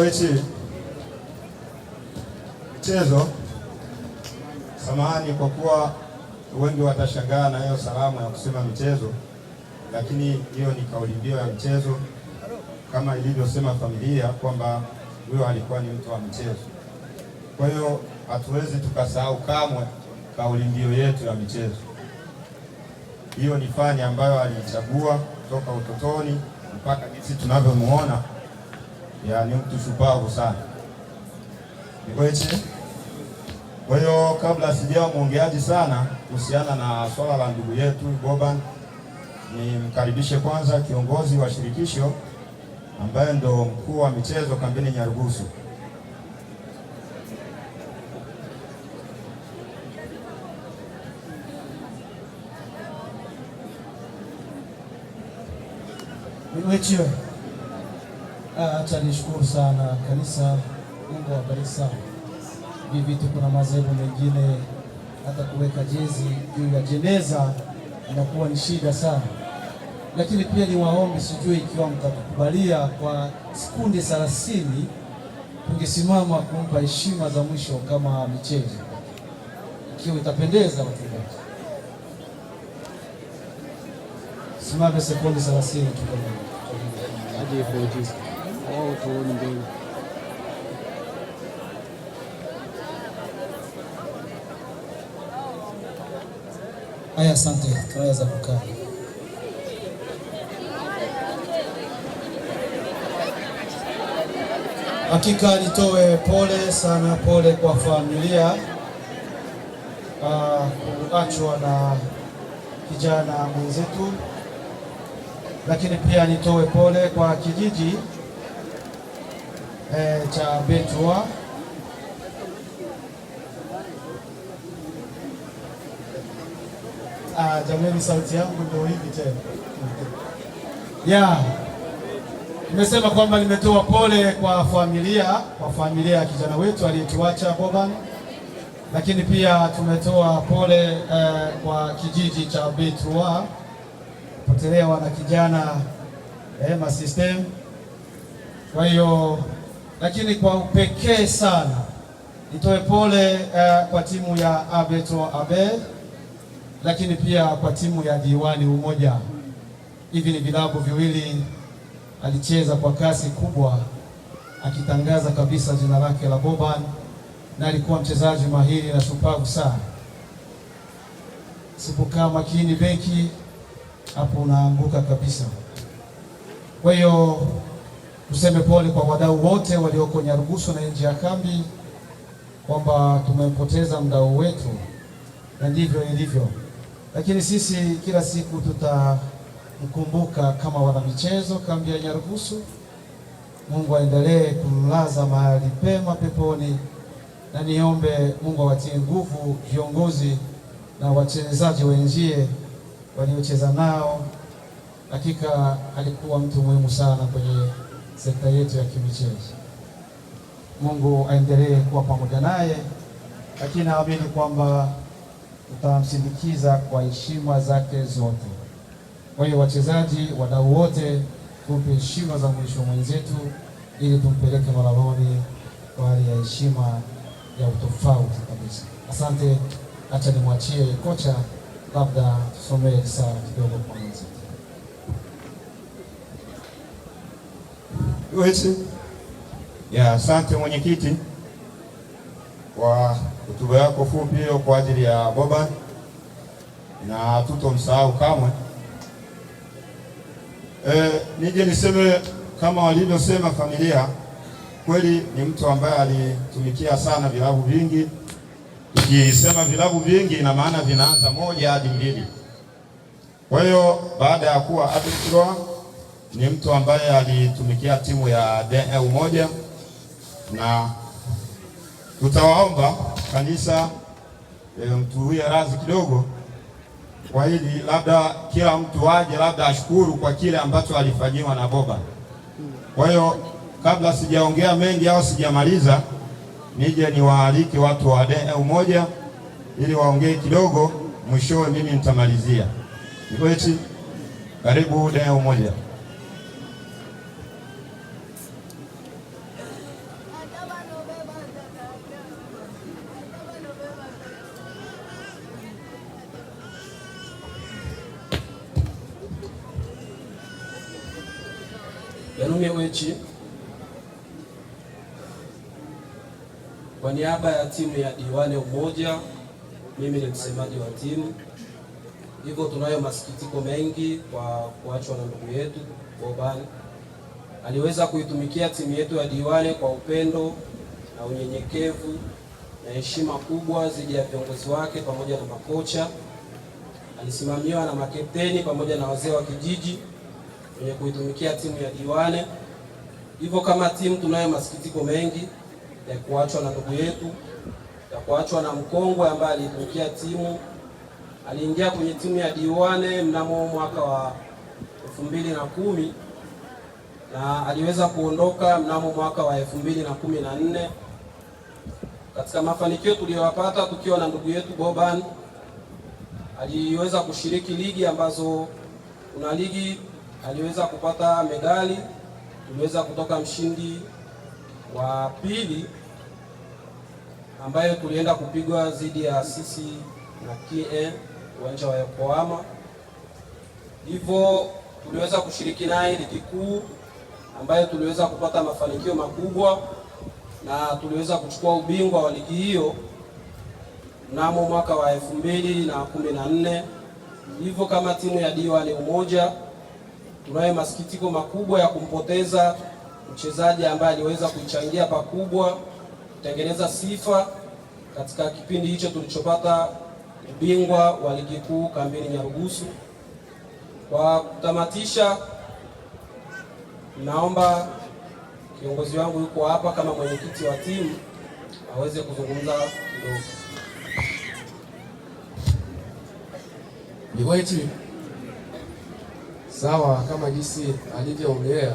Kiwango hichi mchezo, samahani kwa kuwa wengi watashangaa na hiyo salamu ya kusema michezo, lakini hiyo ni kauli mbiu ya mchezo, kama ilivyosema familia kwamba huyo alikuwa ni mtu wa mchezo. Kwa hiyo hatuwezi tukasahau kamwe kauli mbiu yetu ya michezo. Hiyo ni fani ambayo aliichagua kutoka utotoni mpaka jinsi tunavyomuona yani mtu shupavu sana Nikweche. Kwa hiyo kabla sijawa mwongeaji sana kuhusiana na swala la ndugu yetu Goban, nimkaribishe kwanza kiongozi wa shirikisho ambaye ndo mkuu wa michezo kambini Nyarugusu. Nikweche. Acha nishukuru sana kanisa, Mungu awabariki sana. Hivi vitu kuna madhehebu mengine hata kuweka jezi juu ya jeneza inakuwa ni shida sana, lakini pia ni waombe, sijui ikiwa mtakubalia, kwa sekunde thelathini tungesimama kumpa heshima za mwisho kama michezo, ikiwa itapendeza watugaji. Simame sekunde thelathini tu. 어우 oh, 더웠는데 haya asante tunaweza kukaa hakika nitoe pole sana pole kwa familia ah, kuachwa na kijana mwenzetu lakini pia nitoe pole kwa kijiji e, cha Betwa. ah, jamani, sauti yangu ndio hivi tena yeah. Nimesema kwamba nimetoa pole kwa familia kwa familia ya kijana wetu aliyetuacha Boban, lakini pia tumetoa pole eh, kwa kijiji cha Betwa potelewa na kijana eh, masistem. Kwa hiyo lakini kwa upekee sana nitoe pole uh, kwa timu ya Abeto Abe, lakini pia kwa timu ya Diwani Umoja. Hivi ni vilabu viwili alicheza kwa kasi kubwa, akitangaza kabisa jina lake la Boban, na alikuwa mchezaji mahiri na shupavu sana. Sipokaa makini benki hapo, unaanguka kabisa. Kwa hiyo Tuseme pole kwa wadau wote walioko Nyarugusu na nje ya kambi kwamba tumempoteza mdau wetu, na ndivyo ilivyo, lakini sisi kila siku tutamkumbuka kama wanamichezo kambi ya Nyarugusu. Mungu aendelee kumlaza mahali pema peponi, na niombe Mungu awatie nguvu viongozi na wachezaji wenzie waliocheza nao. Hakika alikuwa mtu muhimu sana kwenye sekta yetu ya kimichezo. Mungu aendelee kuwa pamoja naye, lakini naamini kwamba tutamsindikiza kwa heshima zake zote. Kwa hiyo, wachezaji, wadau wote, tupe heshima za mwisho mwenzetu, ili tumpeleke malaloni kwa hali ya heshima ya utofauti kabisa. Asante, acha nimwachie kocha, labda tusomee saa kidogo kwa mwenzetu Ya, asante mwenyekiti kwa hotuba yako fupi hiyo kwa ajili ya boba na tutomsahau kamwe. E, nije niseme kama walivyosema familia, kweli ni mtu ambaye alitumikia sana vilabu vingi. Ukisema vilabu vingi, ina maana vinaanza moja hadi mbili. Kwa hiyo baada ya kuwa adult ni mtu ambaye alitumikia timu ya DE Umoja, na tutawaomba kanisa e, mtuwie razi kidogo kwa hili, labda kila mtu aje, labda ashukuru kwa kile ambacho alifanyiwa na Boba. Kwa hiyo kabla sijaongea mengi au sijamaliza, nije niwaalike watu wa DE Umoja ili waongee kidogo, mwishowe mimi nitamalizia. Eti karibu DE Umoja. mechi kwa niaba ya timu ya Diwani Umoja, mimi ni msemaji wa timu. Hivyo tunayo masikitiko mengi kwa kuachwa na ndugu yetu Bobani. Aliweza kuitumikia timu yetu ya Diwani kwa upendo na unyenyekevu na heshima kubwa dhidi ya viongozi wake pamoja na makocha. Alisimamiwa na makepteni pamoja na wazee wa kijiji kwenye kuitumikia timu ya Diwani. Hivyo kama timu tunayo masikitiko mengi ya kuachwa na ndugu yetu, ya kuachwa na mkongwe ambaye aliitumikia timu. Aliingia kwenye timu ya Diwane mnamo mwaka wa elfu mbili na kumi na aliweza kuondoka mnamo mwaka wa elfu mbili na kumi na nne katika mafanikio tuliyopata tukiwa na ndugu yetu Boban aliweza kushiriki ligi ambazo kuna ligi aliweza kupata medali tumeweza kutoka mshindi wa pili ambaye tulienda kupigwa dhidi ya sisi na KN uwanja wa Yokohama, hivyo tuliweza kushiriki naye ligi kuu ambayo tuliweza kupata mafanikio makubwa na tuliweza kuchukua ubingwa wa ligi hiyo mnamo mwaka wa 2014. Hivyo kama timu ya Diwani Umoja tunaye masikitiko makubwa ya kumpoteza mchezaji ambaye aliweza kuichangia pakubwa kutengeneza sifa katika kipindi hicho tulichopata ubingwa wa ligi kuu kambini Nyarugusu. Kwa kutamatisha, naomba kiongozi wangu yuko hapa kama mwenyekiti wa timu aweze kuzungumza kidogo sawa kama jinsi alivyoongelea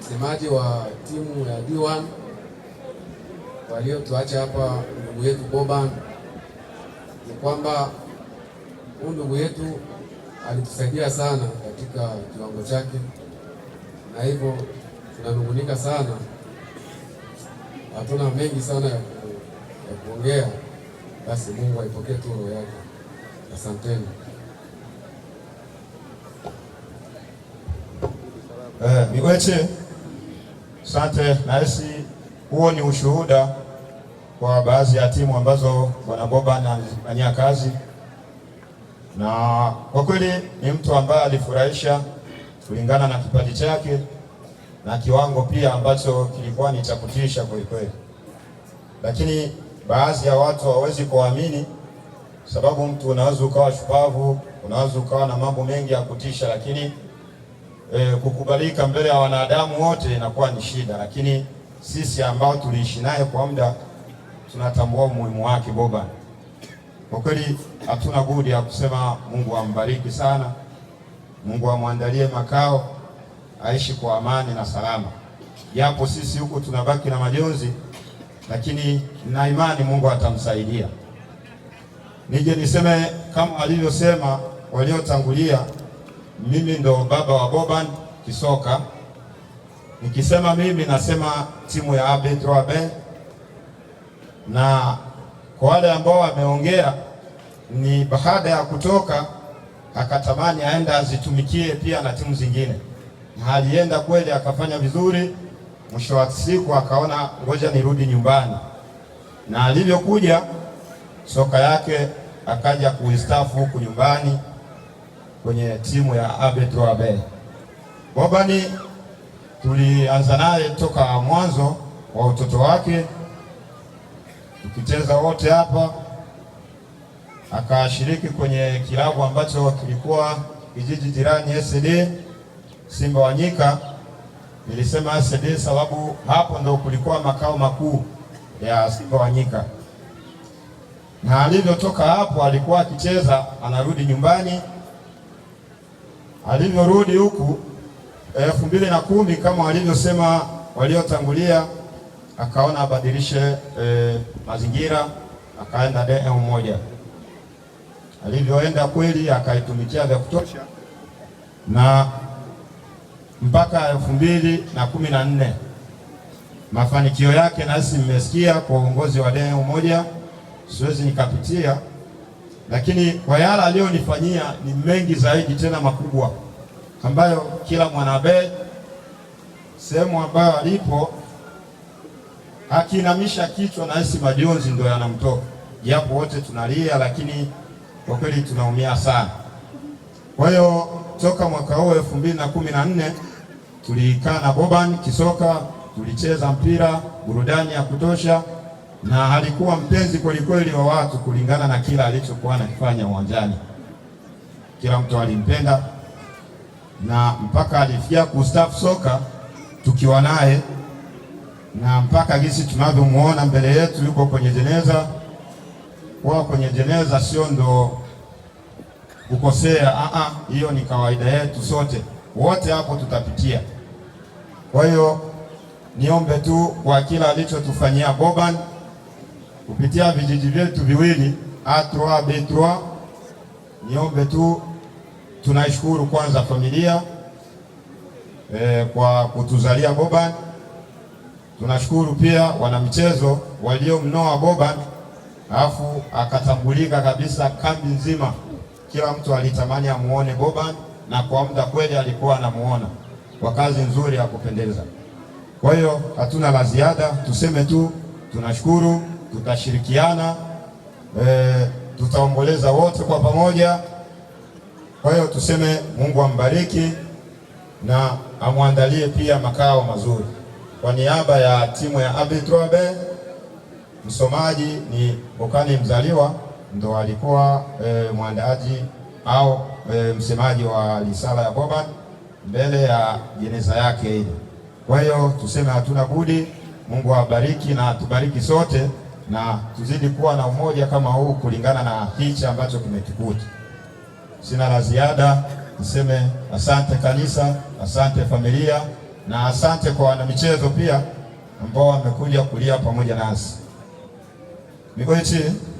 msemaji wa timu ya D1 waliotuacha hapa, ndugu yetu Boban, ni kwamba huyu ndugu yetu alitusaidia sana katika kiwango chake, na hivyo tunanungunika sana. Hatuna mengi sana ya kuongea, basi Mungu aipokee tu roho yake. Asanteni. Eh, sante asante. Nahisi huo ni ushuhuda kwa baadhi ya timu ambazo bwana Boba anafanyia kazi, na kwa kweli ni mtu ambaye alifurahisha kulingana na kipaji chake na kiwango pia ambacho kilikuwa ni cha kutisha kwelikweli kweli, lakini baadhi ya watu hawawezi kuamini, sababu mtu unaweza ukawa shupavu, unaweza ukawa na mambo mengi ya kutisha, lakini e, kukubalika mbele ya wanadamu wote inakuwa ni shida, lakini sisi ambao tuliishi naye kwa muda tunatambua umuhimu wake Boban. Kwa kweli hatuna budi ya kusema Mungu ambariki sana, Mungu amwandalie makao, aishi kwa amani na salama, japo sisi huku tunabaki na majonzi, lakini na imani Mungu atamsaidia. Nije niseme kama alivyosema waliotangulia mimi ndo baba wa Boban kisoka. Nikisema mimi nasema timu ya AB Troabe, na kwa wale ambao wameongea ni baada ya kutoka akatamani aenda azitumikie pia na timu zingine, na alienda kweli akafanya vizuri. Mwisho wa siku akaona ngoja nirudi nyumbani, na alivyokuja soka yake akaja kuistafu huku nyumbani kwenye timu ya Abet Wabe. Bobani tulianza naye toka mwanzo wa utoto wake tukicheza wote hapa, akashiriki kwenye kilabu ambacho kilikuwa kijiji jirani SD Simba Wanyika. Nilisema SD sababu hapo ndo kulikuwa makao makuu ya Simba Wanyika, na alivyotoka hapo alikuwa akicheza anarudi nyumbani alivyorudi huku eh, elfu mbili na kumi kama walivyosema waliotangulia, akaona abadilishe e, mazingira, akaenda demu moja. Alivyoenda kweli akaitumikia vya kutosha, na mpaka elfu mbili na kumi na nne mafanikio yake nasi mmesikia kwa uongozi wa demu moja, siwezi nikapitia lakini kwa yale aliyonifanyia ni mengi zaidi tena makubwa, ambayo kila mwanabe sehemu ambayo alipo akiinamisha kichwa na hisi majonzi ndio yanamtoka, japo wote tunalia, lakini kwa kweli tunaumia sana. Kwa hiyo toka mwaka huu elfu mbili na kumi na nne tulikaa na Boban Kisoka, tulicheza mpira burudani ya kutosha na alikuwa mpenzi kwelikweli wa watu kulingana na kila alichokuwa anakifanya uwanjani. Kila mtu alimpenda na mpaka alifikia kustaafu soka tukiwa naye, na mpaka gisi tunavyomuona mbele yetu yuko kwenye jeneza. Kwa kwenye jeneza sio ndo kukosea, hiyo ni kawaida yetu sote, wote hapo tutapitia. Kwa hiyo niombe tu kwa kila alichotufanyia Boban kupitia vijiji vyetu viwili A3, B3. Niombe tu tunaishukuru kwanza familia e, kwa kutuzalia Boban. Tunashukuru pia wanamchezo waliomnoa Boban, alafu akatambulika kabisa kambi nzima, kila mtu alitamani amuone Boban, na kwa muda kweli alikuwa anamuona kwa kazi nzuri ya kupendeza. Kwa hiyo hatuna la ziada, tuseme tu tunashukuru tutashirikiana, e, tutaomboleza wote kwa pamoja. Kwa hiyo tuseme Mungu ambariki na amwandalie pia makao mazuri. Kwa niaba ya timu ya Abitrobe, msomaji ni Bokani Mzaliwa, ndo alikuwa e, mwandaji au e, msemaji wa risala ya Boban mbele ya jeneza yake ile. Kwa hiyo tuseme hatuna budi, Mungu awabariki na atubariki sote na tuzidi kuwa na umoja kama huu kulingana na hichi ambacho kimetukuta. Sina la ziada, niseme asante kanisa, asante familia na asante kwa wanamichezo pia ambao wamekuja kulia pamoja nasi Mikoichi,